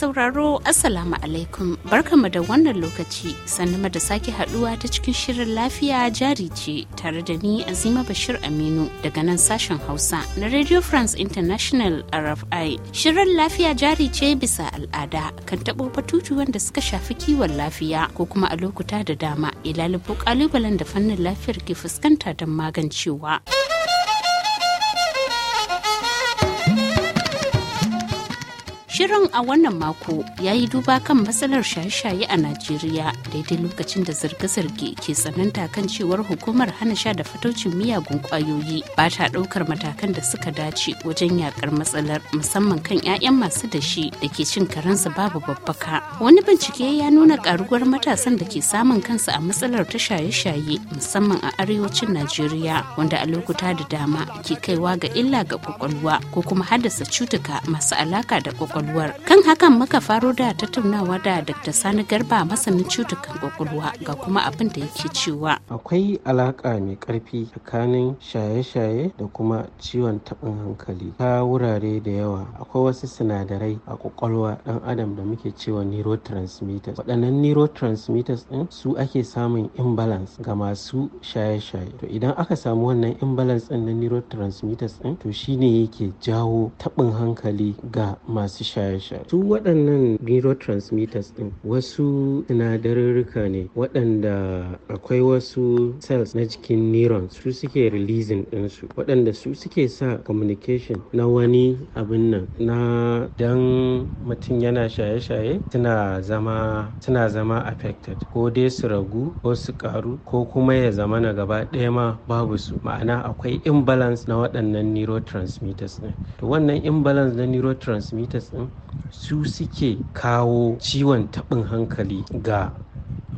sauraro Assalamu alaikum barkamu da wannan lokaci sannu da sake haduwa ta cikin shirin lafiya jari ce tare da ni Azima Bashir Aminu daga nan sashen Hausa na Radio France International RFI. Shirin lafiya jari ce bisa al'ada kan taɓo batutu wanda suka shafi kiwon lafiya ko kuma a lokuta da dama ilalibu kalubalen da fannin lafiyar ke fuskanta don magancewa. Shirin a wannan mako ya yi duba kan matsalar shaye-shaye a Najeriya daidai lokacin da zirge-zirge ke tsananta kan cewar hukumar hana sha da fataucin miyagun kwayoyi ba ta ɗaukar matakan da suka dace wajen yakar matsalar musamman kan 'ya'yan masu dashi da ke cin karensa babu babbaka. Wani bincike ya nuna karuwar matasan da ke samun kansu a matsalar ta shaye-shaye musamman a arewacin Najeriya wanda a lokuta da dama ke kaiwa ga illa ga kwakwalwa ko kuma haddasa cutuka masu alaka da kwakwalwa. kwakwalwar kan hakan muka faro da tattaunawa da dr sani garba masanin cutukan kwakwalwa ga kuma abin da yake cewa akwai alaka mai karfi tsakanin shaye-shaye da kuma ciwon taɓin hankali ta wurare da yawa akwai wasu sinadarai a kwakwalwa dan adam da muke cewa neurotransmitters waɗannan neurotransmitters ɗin su ake samun imbalance ga masu shaye-shaye to idan aka samu wannan imbalance ɗin na neurotransmitters ɗin to shine yake jawo taɓin hankali ga masu shaye shaye su waɗannan neurotransmitters ɗin wasu sinadarurruka ne waɗanda akwai wasu cells na cikin neurons su suke releasing ɗinsu waɗanda su suke sa communication na wani abin nan na dan mutum yana shaye-shaye suna zama suna zama affected ko dai su ragu ko su karu ko kuma ya zama na gaba ɗaya ma babu su ma'ana akwai imbalance na waɗannan neurotransmitters ɗin to wannan imbalance na neurotransmitters ɗin su suke kawo ciwon taɓin hankali ga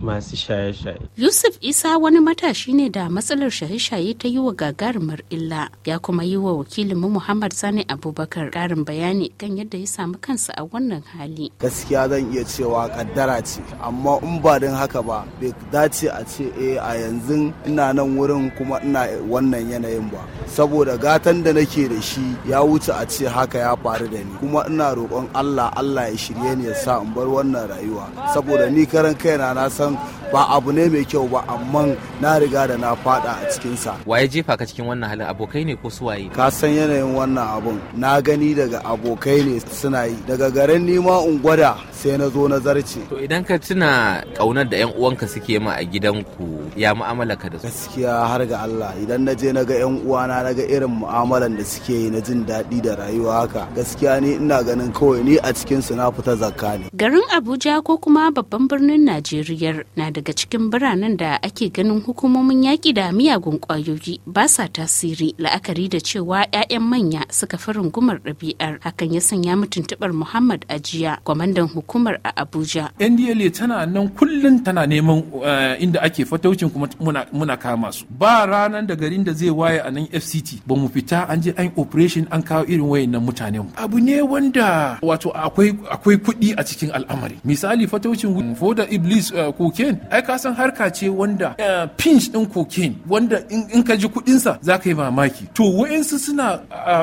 masu shaye-shaye. Yusuf Isa wani matashi ne da matsalar shaye-shaye ta yi wa gagarumar illa ya kuma yi wa wakilinmu Muhammad Sani Abubakar karin bayani kan yadda ya samu kansa a wannan hali. Gaskiya zan iya cewa kaddara ce amma in ba don haka ba bai dace a ce eh a yanzu ina nan wurin kuma ina wannan yanayin ba saboda gatan da nake da shi ya wuce a ce haka ya faru da ni kuma ina roƙon Allah Allah ya shirye ni ya sa in bar wannan rayuwa saboda ni karan kaina na san um, ba abu ne mai kyau ba amma na riga da na fada a cikinsa waye jefa ka cikin wannan halin abokai ne ko su waye ka san yanayin wannan abun na gani daga abokai ne suna yi daga garin nima in sai na zo na zarce to idan ka tuna kaunar da yan uwanka suke ma a gidanku ya mu'amala ka da su gaskiya har ga Allah idan na je na ga yan uwana na ga irin mu'amalan da suke yi na jin daɗi da rayuwa haka gaskiya ni ina ganin kawai ni a cikin su na fita zakka ne garin Abuja ko kuma babban birnin Najeriya na da daga cikin biranen da ake ganin hukumomin yaƙi da miyagun ƙwayoyi ba sa tasiri la'akari da cewa 'ya'yan manya suka fi rungumar ɗabi'ar hakan ya sanya mutuntubar muhammad jiya kwamandan hukumar a abuja ndla tana nan kullum tana neman eh, inda ake fataucin kuma muna kama su ba ranar da garin da zai waye a nan fct ba mu fita an je an operation an kawo irin wayannan mutanen abu ne wanda wato akwai kuɗi a cikin al'amari misali fataucin foda iblis eh, koken. ai ka san harka ce wanda eh, pinch din cocaine wanda in ka ji kudinsa za ka yi mamaki to wa'insu suna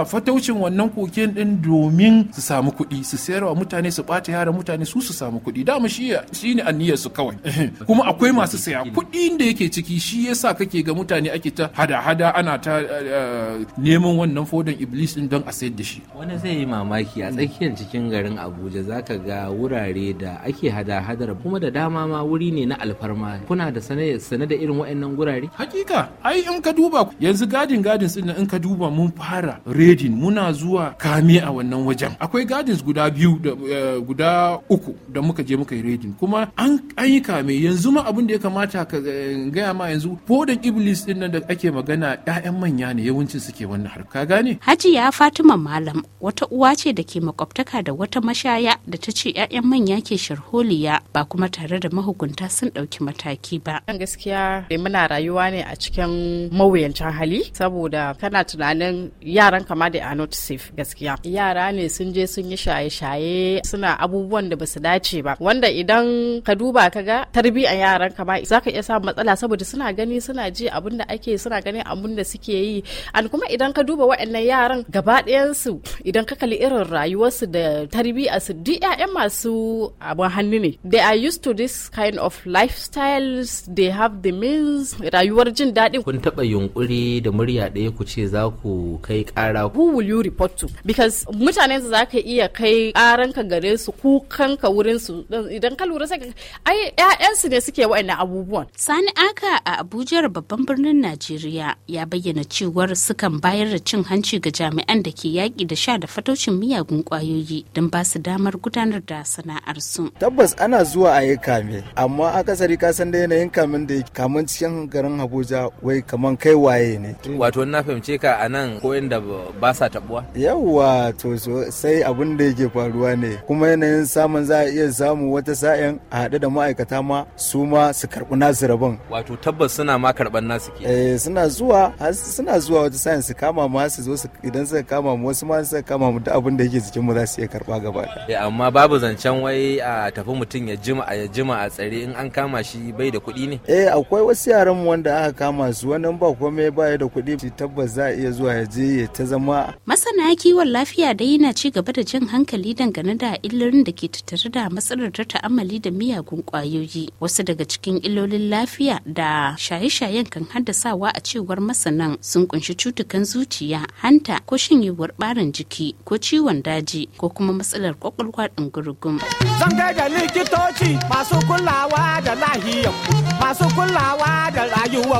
fataucin wannan cocaine din domin su samu kuɗi su sayarwa mutane su bata yara mutane su su samu kuɗi dama shi shi ne aniyar su kawai kuma akwai masu saya kuɗin da yake ciki shi yasa kake ga mutane ake ta hada-hada ana ta eh, neman wannan fodan iblis din don a sayar da shi wani zai yi mamaki a tsakiyar cikin garin abuja zaka ga wurare da ake hada-hadar kuma da dama ma wuri ne na al alfarma kuna da sane da irin waɗannan gurare hakika ai in ka duba yanzu gadin gadin din in ka duba mun fara redin muna zuwa kame a wannan wajen akwai gadins guda biyu da eh, guda uku da muka je muka yi redin kuma an yi kame yanzu ma abin da ya kamata ka eh, gaya ma yanzu fodan iblis din nan da ake magana 'ya'yan manya ne yawancin suke wannan harka ka gane hajiya fatima malam wata uwa ce da ke makwabtaka da wata mashaya da ta ce 'ya'yan manya ke sharholiya ba kuma tare da mahukunta sun ɗauki ɗauki mataki ba. Gaskiya muna rayuwa ne a cikin mawuyancin hali saboda kana tunanin yaran kama da are not safe gaskiya. Yara ne sun je sun yi shaye-shaye suna abubuwan da basu dace ba wanda idan ka duba ka ga tarbiyyar yaran kama za ka iya samun matsala saboda suna gani suna ji abin da ake suna gani abin da suke yi an kuma idan ka duba waɗannan yaran gaba ɗayansu idan ka kalli irin rayuwarsu da tarbiyyarsu duk 'ya'yan masu abin hannu ne they are used to this kind of life lifestyles they have the means rayuwar jin daɗin kun taɓa yunkuri da murya ɗaya ku ce za ku kai ƙara who will you report to because mutane su za ka iya kai ƙaranka gare su kukanka wurin su idan ka lura sai ai su ne suke wa'annan abubuwan sani aka a abuja babban birnin najeriya ya bayyana cewar sukan bayar da cin hanci ga jami'an da ke yaƙi da sha da fatocin miyagun ƙwayoyi don ba su damar gudanar da sana'arsu tabbas ana zuwa a yi kame amma aka akasari ka san da yanayin kamun da kamun cikin garin Abuja wai kaman kai waye ne. Wato na fahimce ka a nan ko inda ba sa tabuwa. Yawwa to sai abin da yake faruwa ne kuma yanayin samun za a iya samu wata sa'in a haɗu da ma'aikata ma su ma su karɓi nasu rabin. Wato tabbas suna ma karɓar nasu ke. Eh suna zuwa suna zuwa wata sa'in su kama ma su zo su idan suka kama mu wasu ma suka kama mu duk abin da yake jikin mu za su iya karɓa gaba. Eh amma babu zancen wai a tafi mutum ya jima a ya jima a tsare in an kama kama shi bai da kuɗi ne eh akwai wasu yaran wanda aka kama su wannan ba komai ba da kuɗi shi tabbas za a iya zuwa ya je ya ta zama masana kiwon lafiya dai yana ci gaba da jin hankali dangane da illolin da ke tattare da matsalar ta ta'ammali da miyagun ƙwayoyi wasu daga cikin illolin lafiya da shaye-shayen kan haddasawa a cewar masanan sun kunshi cutukan zuciya hanta ko shanyewar barin jiki ko ciwon daji ko kuma matsalar kwakwalwa ɗungurugum. Zan da likitoci masu kulawa da lahiyanmu masu kulawa da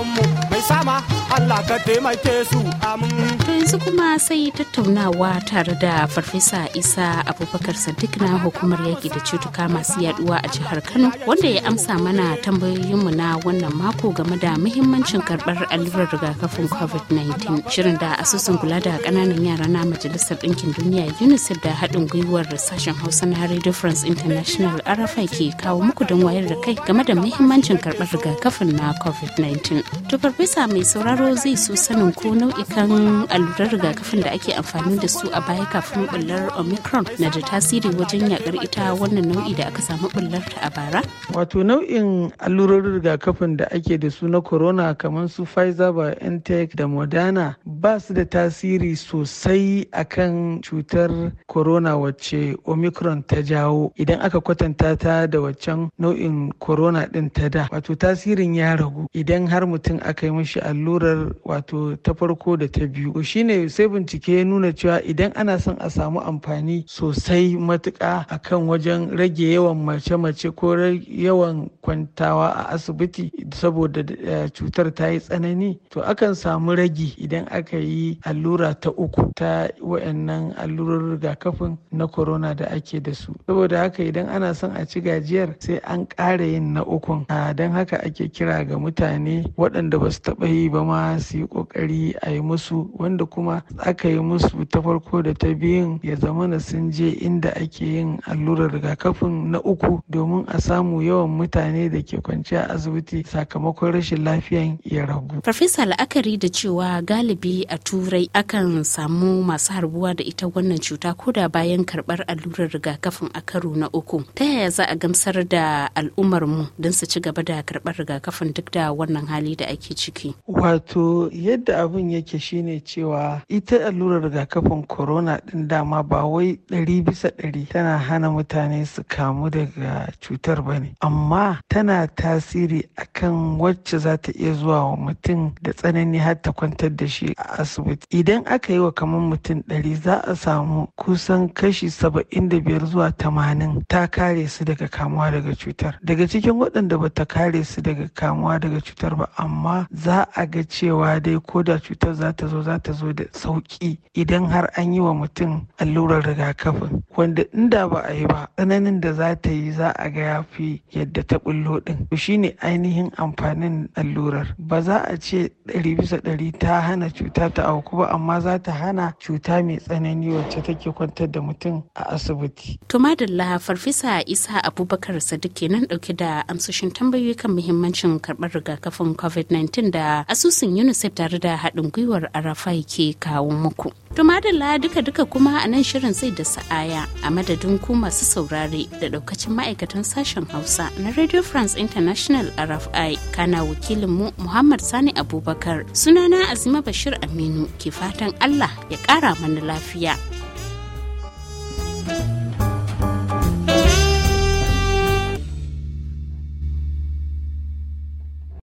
mu mai sama Allah ka taimake su amin. yanzu kuma sai tattaunawa tare da farfesa isa abubakar sadiq na hukumar yaki da cutuka masu yaduwa a jihar kano wanda ya amsa mana tambayoyinmu na wannan mako game da muhimmancin karbar allurar rigakafin covid-19 shirin da asusun kula da kananan yara na majalisar ɗinkin duniya unicef da haɗin gwiwar sashen hausa na radio france international rfi ke kawo muku don wayar da kai game da muhimmancin karɓar rigakafin na covid-19 to farfesa mai sauraro yaro zai so sanin ko nau'ikan allurar rigakafin da ake amfani da su a baya kafin bullar omicron na da tasiri wajen yakar ita wannan nau'i da aka samu bullar ta a bara wato nau'in allurar rigakafin da ake da su na corona kamar su pfizer biontech da moderna ba su da tasiri sosai akan cutar corona wacce omicron ta jawo idan aka kwatanta ta da waccan nau'in corona din ta da wato tasirin ya ragu idan har mutum aka yi mishi allurar shekarar wato ta farko da ta biyu shine sai bincike ya nuna cewa idan ana son a samu amfani sosai matuƙa akan wajen rage yawan mace-mace ko yawan kwantawa a asibiti saboda eh, cutar ta yi tsanani to akan samu ragi idan aka yi allura ta uku ta wayannan allurar rigakafin na corona da ake da su saboda haka idan ana son a ci gajiyar sai an ƙara yin na ukun ah, don haka ake kira ga mutane waɗanda ba su taɓa yi ba ma kuma su yi kokari a yi musu wanda kuma aka yi musu ta farko da ta biyun ya zamana sun je inda ake yin allurar rigakafin na uku domin a samu yawan mutane da ke kwanciya asibiti sakamakon rashin lafiyan ya ragu. Farfesa la'akari da cewa galibi a turai akan samu masu harbuwa da ita wannan cuta ko da bayan karɓar allurar rigakafin a karo na uku. Ta yaya za a gamsar da al'ummar mu don su ci gaba da karɓar rigakafin duk da wannan hali da ake ciki? wa Wato yadda abin yake shine cewa ita allurar rigakafin corona din dama ba wai ɗari bisa ɗari tana hana mutane su kamu daga cutar ba ne. Amma tana tasiri akan wacce za ta iya zuwa wa mutum da tsanani har ta kwantar da shi a asibiti. Idan aka yi wa kamar mutum ɗari za a samu kusan kashi saba'in da biyar zuwa tamanin ta kare su daga kamuwa daga cutar. Daga cikin waɗanda ba ta kare su daga kamuwa daga cutar ba amma za a ga cewa dai ko da cutar za ta zo za ta zo da sauƙi idan har an yi wa mutum allurar rigakafin wanda inda ba a yi ba tsananin da za ta yi za a ga ya fi yadda ta bullo ɗin ne ainihin amfanin allurar ba za a ce ɗari bisa ɗari ta hana cuta ta auku ba amma za ta hana cuta mai tsanani wacce take kwantar da mutum a asibiti. To madalla farfesa Isa Abubakar Sadiq kenan ɗauke da amsoshin tambayoyi kan muhimmancin karɓar rigakafin COVID-19 da asusun asusun unicef tare da haɗin gwiwar arafai ke kawo muku to madalla duka duka kuma a nan shirin zai da sa'aya a madadin ku masu saurare da daukacin ma'aikatan sashen hausa na radio france international rfi kana wakilinmu muhammad sani abubakar sunana azima bashir aminu ke fatan allah ya kara mana lafiya